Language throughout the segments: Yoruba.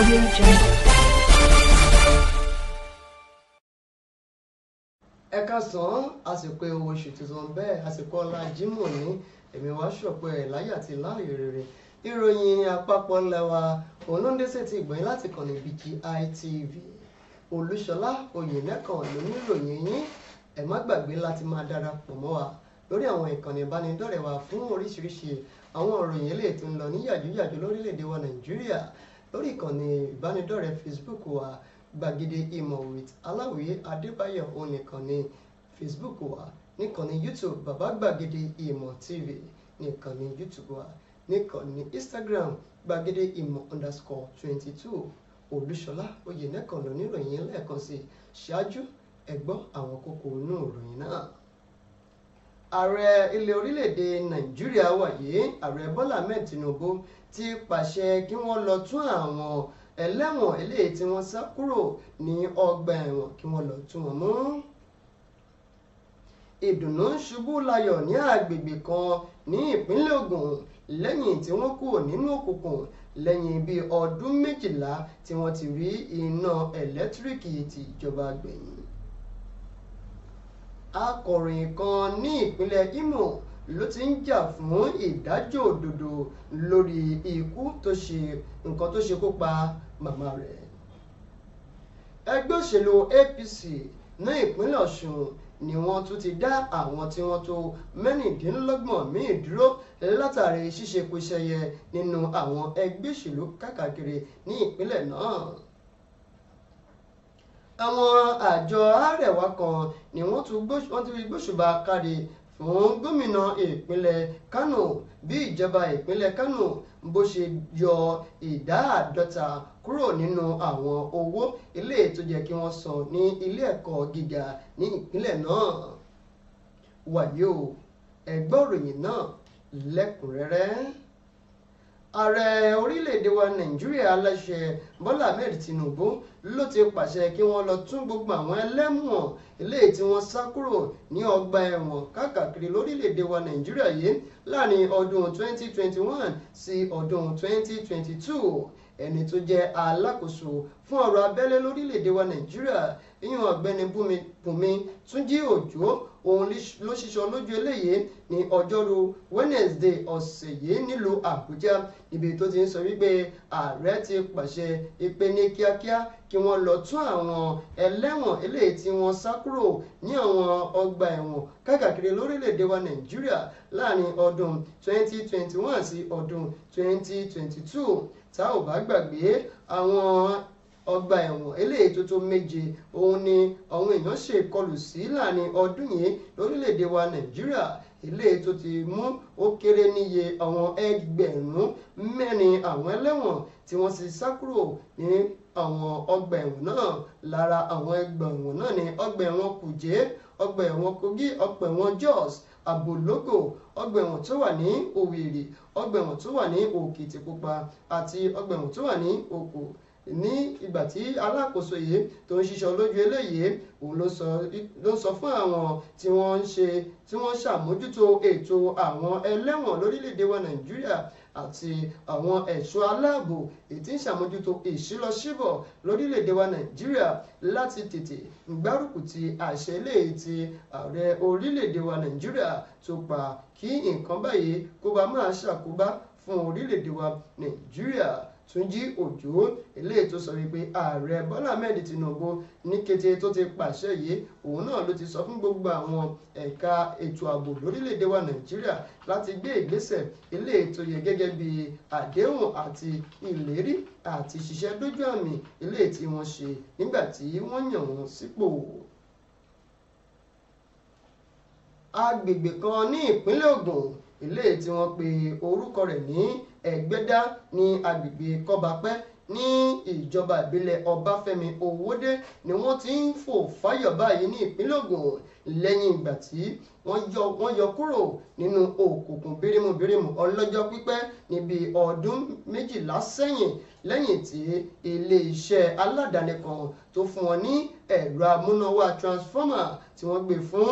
Audio Jungle. ẹ ká sàn án àsìkò ewu oṣù tuntun bẹ́ẹ̀ àsìkò ọlá jímọ̀ ní èmi wá ṣọ̀pọ̀ ẹ̀ láyà àti láàyè rere ìròyìn àpapọ̀ ńlẹ̀ wa òun ló ń dé sétí ìgbọ̀nyìn láti kànnì BGI TV olúṣọlá oyèlẹ́kàn ló ní ìròyìn yín ẹ má gbàgbé láti máa darapọ̀ mọ́ wa lórí àwọn ìkànnì ìbánidọ́rẹ̀ẹ́ wa fún oríṣiríṣi àwọn ìròyìn eléyìí tó ń lọ ní yàjóyàjó lórílẹ̀‐èdè wa nàìjíríà lórí ìkànnì ìbánidọ́rẹ̀ẹ́ Facebook wa gbàgede ìmọ̀ with aláwìyé adébáyọ̀ òun nìkan ní Facebook wa níkànnì YouTube bàbá gbàgede ìmọ̀ TV níkànnì YouTube wa níkànnì Instagram gbàgede ìmọ̀ underscore twenty two olúṣọlá oyènẹkàn lóníròyìn lẹ́ẹ̀kan sí ṣáájú ẹgbọ́ àwọn kókó inú ìròyìn náà ààrẹ ilẹ̀ orílẹ̀-èdè nàìjíríà wà yìí ààrẹ bọ́lá ahmed tinubu ti pàṣẹ kí wọ́n lọ tún àwọn ẹlẹ́wọ̀n eléyìí tí wọ́n sá kúrò ní ọgbà ẹ̀wọ̀n kí wọ́n lọ tún wọn mú ìdùnnú ṣubú layọ̀ ní àgbègbè kan ní ìpínlẹ̀ Ògùn lẹ́yìn tí wọ́n kúrò nínú òkùnkùn lẹ́yìn bíi ọdún méjìlá tí wọ́n ti rí iná ẹ̀lẹ́tíríkì tìjọba gbẹ̀yìn akọ̀ròyìn kan ní ìpínlẹ̀ Imo ló ti ń jà fún ìdájọ́ òdodo lórí ikú tó ṣe nǹkan tó ṣe kó pa màmá rẹ̀ ẹgbẹ́ òṣèlú APC ní ìpínlẹ̀ Ọ̀ṣun ni wọ́n tún ti dá àwọn tí wọ́n tó mẹ́rìndínlọ́gbọ̀n míì dúró látàrí ṣíṣekúṣẹyẹ nínú àwọn ẹgbẹ́ òṣèlú káàkiri ní ìpínlẹ̀ náà àwọn àjọ arẹwà kan ni wọ́n ti fi gbóṣùbà kárí fún gómìnà ìpínlẹ̀ Kánò bí ìjọba ìpínlẹ̀ Kánò bó ṣe yọ ìdá àádọ́ta kúrò nínú àwọn owó ilé tó jẹ́ kí wọ́n san ní ilé ẹ̀kọ́ gíga ní ìpínlẹ̀ náà wàyí o ẹgbẹ́ ìròyìn náà lẹ́kùnrẹ́rẹ́ ààrẹ orílẹ̀-èdè wa nàìjíríà aláṣẹ bọ́lá ahmed tinubu ló ti pàṣẹ kí wọ́n lọ tún gbogbo àwọn ẹlẹ́wọ̀n eléyìí tí wọ́n sá kúrò ní ọgbà ẹ̀wọ̀n káàkiri lórílẹ̀‐èdè wa nàìjíríà yìí láàrin ọdún 2021 sí ọdún 2022 ẹni tó jẹ́ alákòóso fún ọ̀rọ̀ abẹ́lé lórílẹ̀‐èdè wa nàìjíríà ìyẹn ọ̀gbẹ́ni bùnmi túnjí òjò òun ló ṣiṣọ lójú eléyìí ní ọjọ́rú Wednesday ọ̀sẹ̀ yìí nílùú Àbújá ibi tó ti ń sọ wípé ààrẹ ti pàṣẹ ìpè ní kíákíá kí wọ́n lọ tún àwọn ẹlẹ́wọ̀n eléyìí tí wọ́n sá kúrò ní àwọn ọgbà ẹ̀wọ̀n káàkiri lórílẹ̀‐èdè wa Nàìjíríà láàrin ọdún 2021 sí ọdún 2022 tá ò bá gbàgbé àwọn ọgbà ẹ̀wọ̀n eléyìí tó tó méje òun ni àwọn èèyàn ṣe ìkọlù sí láàrin ọdún yìí lórílẹ̀‐èdè wa nàìjíríà eléyìí tó ti mú ó kéré níye àwọn ẹgbẹ̀rún mẹ́rin àwọn ẹlẹ́wọ̀n tí wọ́n sì sá kúrò ní àwọn ọgbà ẹ̀wọ̀n náà lára àwọn ẹgbà ẹ̀wọ̀n náà ni ọgbà ẹ̀wọ̀n kùjé ọgbà ẹ̀wọ̀n kogi ọgbà ẹ̀wọ̀n jos abologo ọgbà ẹ̀wọ̀n tó wà ní òwèrè ọgbà ẹ̀wọ̀n tó wà ní òkìtìpupa àti ọgbà ẹ̀wọ̀n tó wà ní òkò ní ìgbà tí alákòóso yìí tó ń ṣiṣọ́ lójú eléyìí òun ló sọ fún àwọn tí wọ́n ń ṣe tí wọ́n ṣàmójútó ètò àwọn ẹlẹ́wọ̀n lórílẹ̀‐èdè wa nàìjíríà àti àwọn ẹ̀ṣọ́ aláàbò ètí ń ṣàmójútó ìṣílọsíbọ̀ lórílẹ̀‐èdè wa nàìjíríà láti tètè gbárùkù ti àṣẹ eléyìí ti ààrẹ orílẹ̀‐èdè wa nàìjíríà tó pa kí nǹkan báyìí kó bá máa ṣàkóbá fún orílẹ̀‐èdè wa nàìjíríà túnjí òjò eléyìí tó sọ wípé ààrẹ bọ́lá ahmed tinubu ní kété tó ti pàṣẹ yìí òun náà ló ti sọ fún gbogbo àwọn ẹ̀ka ètò ààbò lórílẹ̀‐èdè wa nàìjíríà láti gbé ìgbésẹ̀ eléyìí tó yẹ gẹ́gẹ́ bí àdéhùn àti ìlérí àti ṣiṣẹ́ dójú àmì eléyìí tí ṣe nígbà tí wọ́n yàn wọ́n sípò agbègbè kan ní ìpínlẹ̀ Ògùn eléyìí tí pe orúkọ rẹ̀ ní ẹ̀gbẹ́dá ní agbègbè kọ́bapẹ́ ní ìjọba ìbílẹ̀ ọbáfẹ́mi owódé ni wọ́n ti ń fò fáyọ̀ báyìí ní ìpínlẹ̀ ògùn lẹ́yìn ìgbà tí wọ́n yọ kúrò nínú òkùnkùn birimubirimu ọlọ́jọ́ pípẹ́ níbi ọdún méjìlá sẹ́yìn lẹ́yìn tí iléeṣẹ́ aládàáni kan tó fún wọn ní ẹ̀rọ amúnáwá transformer tí wọ́n gbé fún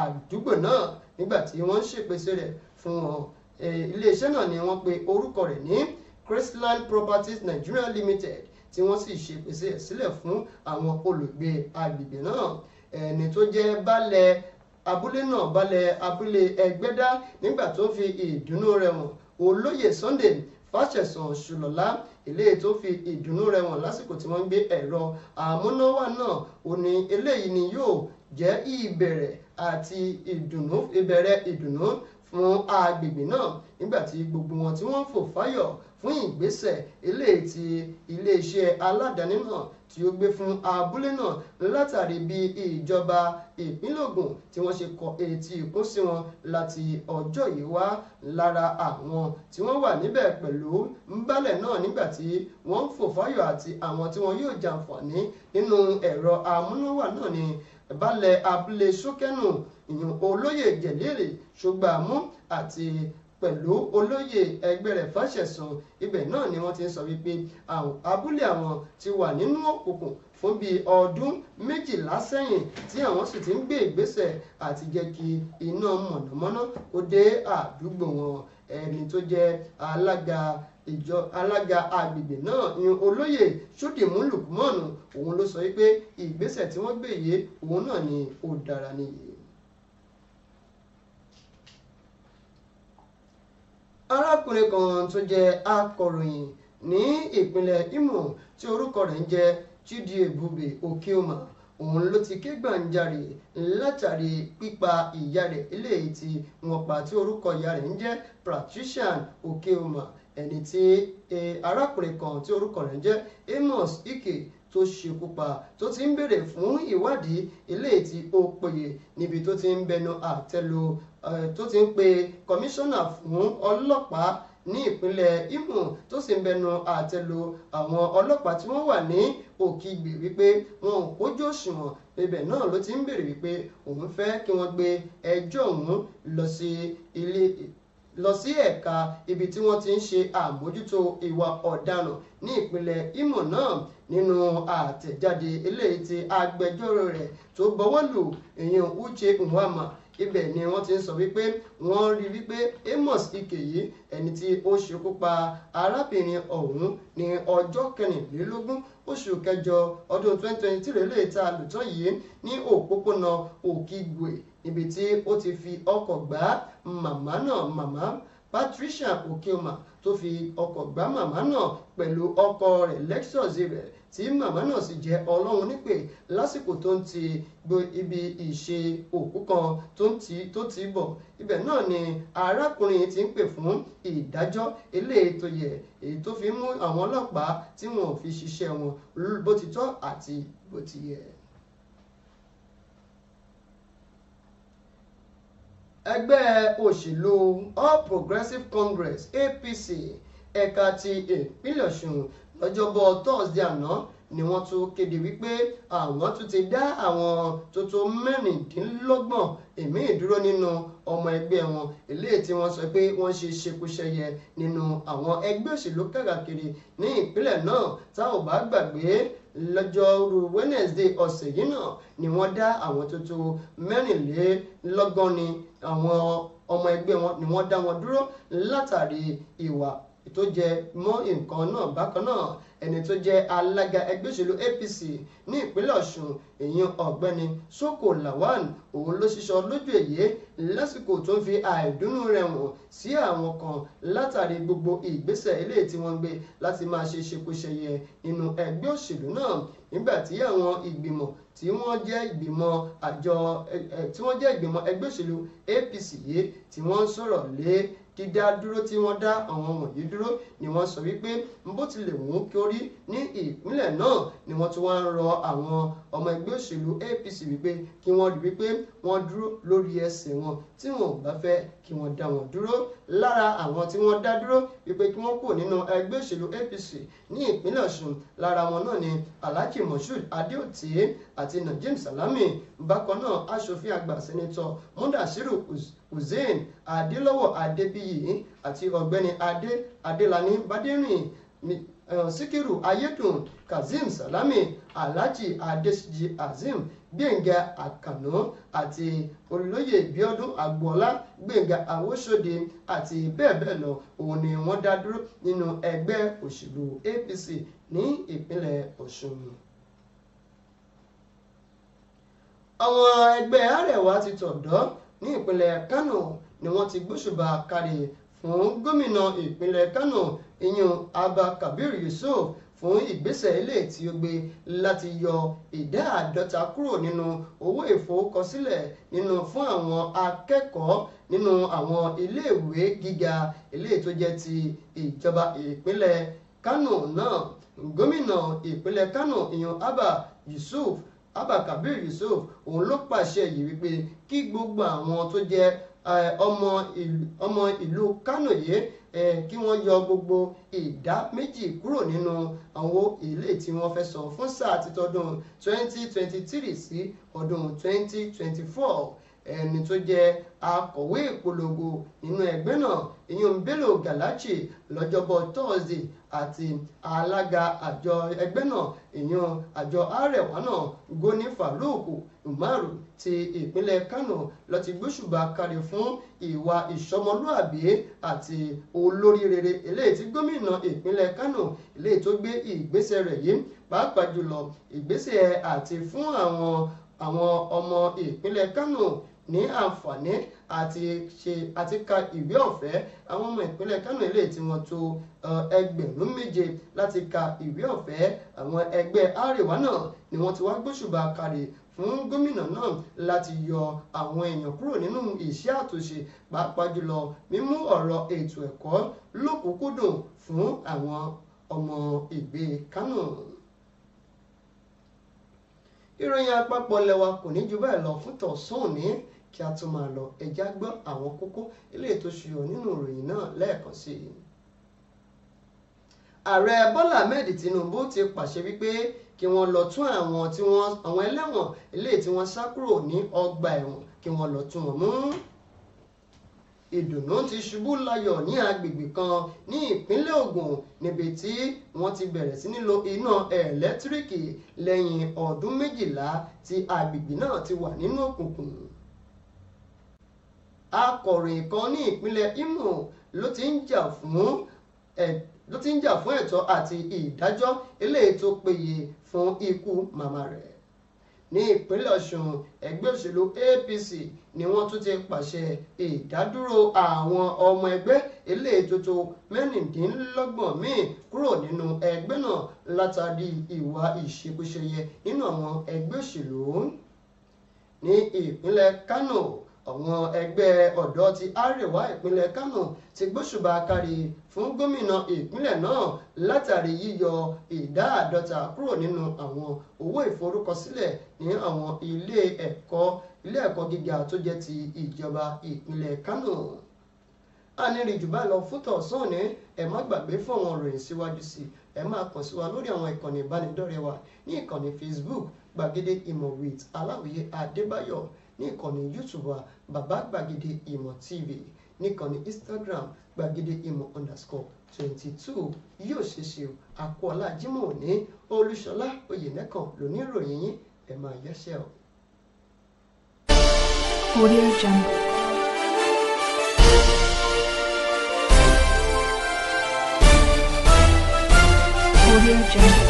àdúgbò náà nígbà tí wọ́n ń ṣèpèsè rẹ̀ fún wọn Eh, iléeṣẹ́ náà ni wọ́n pe orúkọ rẹ̀ ní Graceland Properties Nigeria Limited tí wọ́n sì ṣe pèsè sílẹ̀ fún àwọn olùgbé agbègbè náà ẹni tó jẹ́ baálẹ̀ abúlé náà baálẹ̀ abúlé Ẹgbẹ́dá nígbà tó fi ìdùnnú rẹ̀ hàn olóyè Sunday Fáṣẹ̀sán Ṣùlọ́lá eléyìí tó fi ìdùnnú rẹ̀ hàn lásìkò tí wọ́n ń gbé ẹ̀rọ àmúnáwá náà ò ní eléyìí ni yóò jẹ́ ìbẹ̀rẹ̀ àti ìdùnnú ìbẹ̀rẹ̀ ìdùnnú fún agbègbè náà nígbàtí gbogbo wọn tí wọ́n ń fò fáyọ̀ fún ìgbésẹ̀ eléyìí ti iléeṣẹ́ aládàáni náà tí ó gbé fún abúlé náà látàrí bí ìjọba ìpínlẹ̀ Ògùn tí wọ́n ṣe kọ etí ikún sí wọn láti ọjọ́ yìí wá lára àwọn tí wọ́n wà níbẹ̀ pẹ̀lú ńbálẹ̀ náà nígbàtí wọ́n ń fò fáyọ̀ àti àwọn tí wọn yóò jàǹfààní nínú ẹ̀rọ amúnáwá náà ní balẹ̀ abúlé sókẹ́nù ìyún olóyè jẹ̀lérè ṣùgbàmú àti pẹ̀lú olóyè ẹgbẹ́ rẹ̀ fáṣẹ̀sùn ibẹ̀ náà ni wọ́n ti sọ wípé abúlé àwọn ti wà nínú òkùnkùn fún bíi ọdún méjìlá sẹ́yìn tí àwọn sì ti ń gbé ìgbésẹ̀ àti jẹ́ kí iná mọ̀nàmọ́ná kó dé àdúgbò wọn ẹni tó jẹ́ alága ìjọ alága agbègbè náà ni olóyè ṣódìmú lùkùmọ́ọ̀nù òun ló sọ wípé ìgbésẹ̀ tí wọ́n gbé yìí òun náà ni ó dára nìyí arákùnrin kan tó jẹ́ akọ̀ròyìn ní ìpínlẹ̀ Imo tí orúkọ rẹ̀ ń jẹ́ Chidi Ebube Okeoma òun ló ti ké gbàǹjarè látàrí pípa ìyá rẹ̀ eléyìí tí wọ́n pa tí orúkọ ìyá rẹ̀ ń jẹ́ Patrician Okeoma ẹni tí eh, arákùnrin kan tí orúkọ rẹ̀ ń jẹ́ Amos Ike tó ṣekú pa tó ti ń béèrè fún ìwádìí eléyìí tí ó péye níbi tó ti ń bẹnu àtẹ́lu eh, tó ti ń pe kọmíṣánná fún ọlọ́pàá ní ìpínlẹ̀ Imo tó sì ń bẹnu àtẹ́lu àwọn ọlọ́pàá tí wọ́n wà ní Òkìgbì wípé wọn ò kójú òṣùwọ̀n ibẹ̀ náà ló ti ń béèrè wípé òun fẹ́ kí wọ́n gbé ẹjọ́ òun lọ sí ilé lọ sí ẹ̀ka ibi tí wọ́n ti ń ṣe àmójútó ìwà ọ̀daràn ní ìpínlẹ̀ Imo náà nínú àtẹ̀jáde eléyìí tí agbẹjọ́rò rẹ̀ tó bọ́wọ́ lù ìyẹn Uche Nwauma ibẹ̀ ni wọ́n ti ń sọ wípé wọ́n rí wípé Amos Ikeyi ẹni tí ó ṣekú pa arábìnrin ọ̀hún ní ọjọ́ kẹrìnlélógún oṣù kẹjọ ọdún 2023 lélẹ̀ tá a lò yìí ní òpópónà Okigwe níbi tí ó ti fi ọkọ̀ gbá màmá náà màmá Patricia Okinma tó fi ọkọ̀ gbá màmá náà pẹ̀lú ọkọ̀ rẹ̀ Lexus rẹ̀ tí màmá náà sì jẹ́ ọlọ́run nípè lásìkò tó ń ti gbo ibi ìṣe òkú kan tó ń ti tó ti bọ̀ ibẹ̀ náà ni arákùnrin ti ń pè fún ìdájọ́ eléyìí tó yẹ èyí tó fi mú àwọn ọlọ́pàá tí wọn ò fi ṣiṣẹ́ wọn bó ti tọ́ àti bó ti yẹ. ẹgbẹ́ òṣèlú All Progressives Congress APC ẹ̀ka ti ìpínlẹ̀ Ọ̀ṣun lọ́jọ́bọ̀ Thursday àná ni wọ́n tún kéde wípé àwọn tún ti dá àwọn tuntun mẹ́rìndínlọ́gbọ̀n ẹ̀mí ìdúró nínú ọmọ ẹgbẹ́ wọn eléyìí tí wọ́n sọ pé wọ́n ṣe ṣekúṣẹyẹ nínú àwọn ẹgbẹ́ òṣèlú kàkàkiri ní ìpínlẹ̀ náà tá ò bá gbàgbé lọ́jọ́rú Wednesday ọ̀sẹ̀ yìí náà ni wọ́n dá àwọn tó tó mẹ́rìnlélọ́gọ́rin àwọn ọmọ ẹgbẹ́ wọn ni wọ́n dá wọn dúró látàrí ìwà tó jẹ mọ́ nǹkan náà bákan náà ẹni tó jẹ alága ẹgbẹ́ òṣèlú APC ní ìpínlẹ̀ Ọ̀ṣun èyàn ọ̀gbẹ́ni Soko Lawan òun ló ṣíṣọ lójú èyí lásìkò tó ń fi àìdùnnú rẹ̀ wọ̀n sí àwọn kan látàrí gbogbo ìgbésẹ̀ eléyìí tí wọ́n gbé láti máa ṣe ṣekúṣeyẹ nínú ẹgbẹ́ òṣèlú náà nígbà tí àwọn ìgbìmọ̀ tí wọ́n jẹ́ ìgbìmọ̀ àjọ tí wọ́n jẹ́ ìgbìmọ̀ ẹgbẹ́ òṣèlú APC yìí tí wọ́n ń lé dídá dúró tí wọ́n dá àwọn wọ̀nyí dúró ni wọ́n sọ wípé bó tilẹ̀ wù ú kí ó rí ní ìpínlẹ̀ náà ni wọ́n tún wá ń rọ àwọn ọmọ ẹgbẹ́ òṣèlú APC wípé kí wọ́n rí wípé wọ́n dúró lórí ẹsẹ̀ wọn tí wọn ò bá fẹ́ kí wọ́n dá wọn dúró lára àwọn tí wọ́n dá dúró wípé kí wọ́n kù nínú ẹgbẹ́ òṣèlú APC ní ìpínlẹ̀ Ọ̀ṣun lára wọn náà ni Alhaji Moshood Adeoti àti Najim Salami bákan náà aṣòfin àgbà sẹ́nitọ́ Mudasiru Hussein Adelowo Adebiyi àti ọ̀gbẹ́ni Adé Adelani Baderin eh, Sikiru Ayédùn Kazeem Salami alhaji adesiji azeem gbẹ̀ngà àkànó àti olóyè bíọ́dún agboola gbẹ̀ngà awóṣòde àti bẹ́ẹ̀ bẹ́ẹ̀ lọ òun ni wọ́n dá dúró nínú ẹgbẹ́ òṣèlú apc ní ìpínlẹ̀ ọ̀ṣun àwọn ẹgbẹ́ àrẹ̀wá ti tọ̀dọ́ ní ìpínlẹ̀ kánò ni wọ́n ti gbóṣùbà kárí fún gómìnà ìpínlẹ̀ kánò ìyún abba kabir yusuf fún ìgbésẹ̀ ilé tí ó gbé láti yọ ìdá àádọ́ta kúrò nínú owó ìforúkọsílẹ̀ nínú fún àwọn akẹ́kọ̀ọ́ nínú àwọn iléèwé gíga ilé tó jẹ́ ti ìjọba ìpínlẹ̀ Kánò náà gómìnà ìpínlẹ̀ Kánò ìyàn Abba Yusuf Abba Kabir Yusuf òun ló pàṣẹ yìí wípé kí gbogbo àwọn tó jẹ́ ọmọ ìlú Kánò yìí kí wọ́n yọ gbogbo ìdá méjì kúrò nínú àwọn èlé tí wọ́n fẹ́ san fún sáà títọ́dún 2023 sí ọdún 2024 ẹni tó jẹ́ akọ̀wé ìpolongo nínú ẹgbẹ́ náà ìyún Bello Galachi lọ́jọ́bọ̀ Thursday àti alága àjọ ẹgbẹ́ náà ìyún àjọ arẹwà náà Goni Faruku Umaru ti ìpínlẹ̀ kano, ló ti gbóṣùbà kárí fún ìwà ìṣọmọlúàbí àti olórí rere eléyìí tí gómìnà ìpínlẹ̀ Kánò eléyìí tó gbé ìgbésẹ̀ rẹ̀ yìí pàápàá jùlọ ìgbésẹ̀ àti fún àwọn àwọn ọmọ ìpínlẹ̀ Kánò ní àǹfààní àti ṣe àti ka ìwé ọ̀fẹ́ àwọn ọmọ ìpínlẹ̀ Kánò ilé tí wọ́n tó ẹgbẹ̀rún méje láti ka ìwé ọ̀fẹ́ àwọn ẹgbẹ́ àríwá náà ni wọ́n ti wá gbóṣùbà kárí fún gómìnà náà láti yọ àwọn èèyàn kúrò nínú iṣẹ́ àtúnṣe pàápàá jùlọ mímú ọ̀rọ̀ ètò ẹ̀kọ́ lókùúkúdùn fún àwọn ọmọ ìgbé Kánò ìròyìn àpapọ̀ lẹwa kò ní ju báyìí lọ fún tọ̀sán òní kí a tún máa lọ ẹja gbọ́ àwọn kókó eléyìí tó ṣuyọ nínú ìròyìn náà lẹ́ẹ̀kan sí i ààrẹ Bọ́lá Ahmed Tinubu ti pàṣẹ wípé kí wọ́n lọ tún àwọn tí wọ́n àwọn ẹlẹ́wọ̀n eléyìí tí wọ́n sá kúrò ní ọgbà ẹ̀wọ̀n kí wọ́n lọ tún wọn mú. ìdùnnú ti ṣubú layọ̀ ní agbègbè kan ní ìpínlẹ̀ Ògùn níbi tí wọ́n ti bẹ̀rẹ̀ sí ní lo iná ẹ̀lẹ́tíríkì lẹ́yìn ọdún méjìlá tí agbègbè náà ti wà nínú òkùnkùn. akọ̀ròyìn kan ní ìpínlẹ̀ Imo ló ti ń jà fún ẹ̀tọ́ tó ti ń jà fún ẹ̀tọ́ àti ìdájọ́ eléyìí tó péye fún ikú màmá rẹ̀ ní ìpínlẹ̀ ọ̀ṣun ẹgbẹ́ òṣèlú apc ni wọ́n tún ti pàṣẹ ìdádúró àwọn ọmọ ẹgbẹ́ eléyìí tó tó mẹ́rìndínlọ́gbọ̀n míì kúrò nínú ẹgbẹ́ náà látàrí ìwà ìṣekúṣeyẹ nínú àwọn ẹgbẹ́ òṣèlú ní ìpínlẹ̀ kánò àwọn ẹgbẹ́ ọ̀dọ́ ti Arewa ìpínlẹ̀ Kánò ti gbóṣùbà kárí fún gómìnà ìpínlẹ̀ náà látàrí yíyọ ìdá àádọ́ta kúrò nínú àwọn owó ìforúkọsílẹ̀ ní àwọn ilé ẹ̀kọ́ ilé ẹ̀kọ́ gíga tó jẹ́ ti ìjọba ìpínlẹ̀ Kánò anírìnjù bá lọ fún tọ̀sán ni ẹ má gbàgbé fún àwọn ìròyìn síwájú sí ẹ máa kàn sí wa lórí àwọn ìkànnì ìbánidọ́rẹ̀ẹ́ wa ní ìkànnì Facebook gbàgede ìmọ̀ with aláwìyé adébáyọ̀ ní ìkànnì youtube wa bàbá gbàgede ìmọ̀ tv níkànnì instagram gbàgede ìmọ̀ underscore twenty two yóò ṣe ṣe o àkọọ́lá jimoh ní olúṣọlá oyènẹ́kan lóníròyìn yín ẹ̀ máa yẹ́ṣẹ́ o. Audio Jungle. Audio Jungle.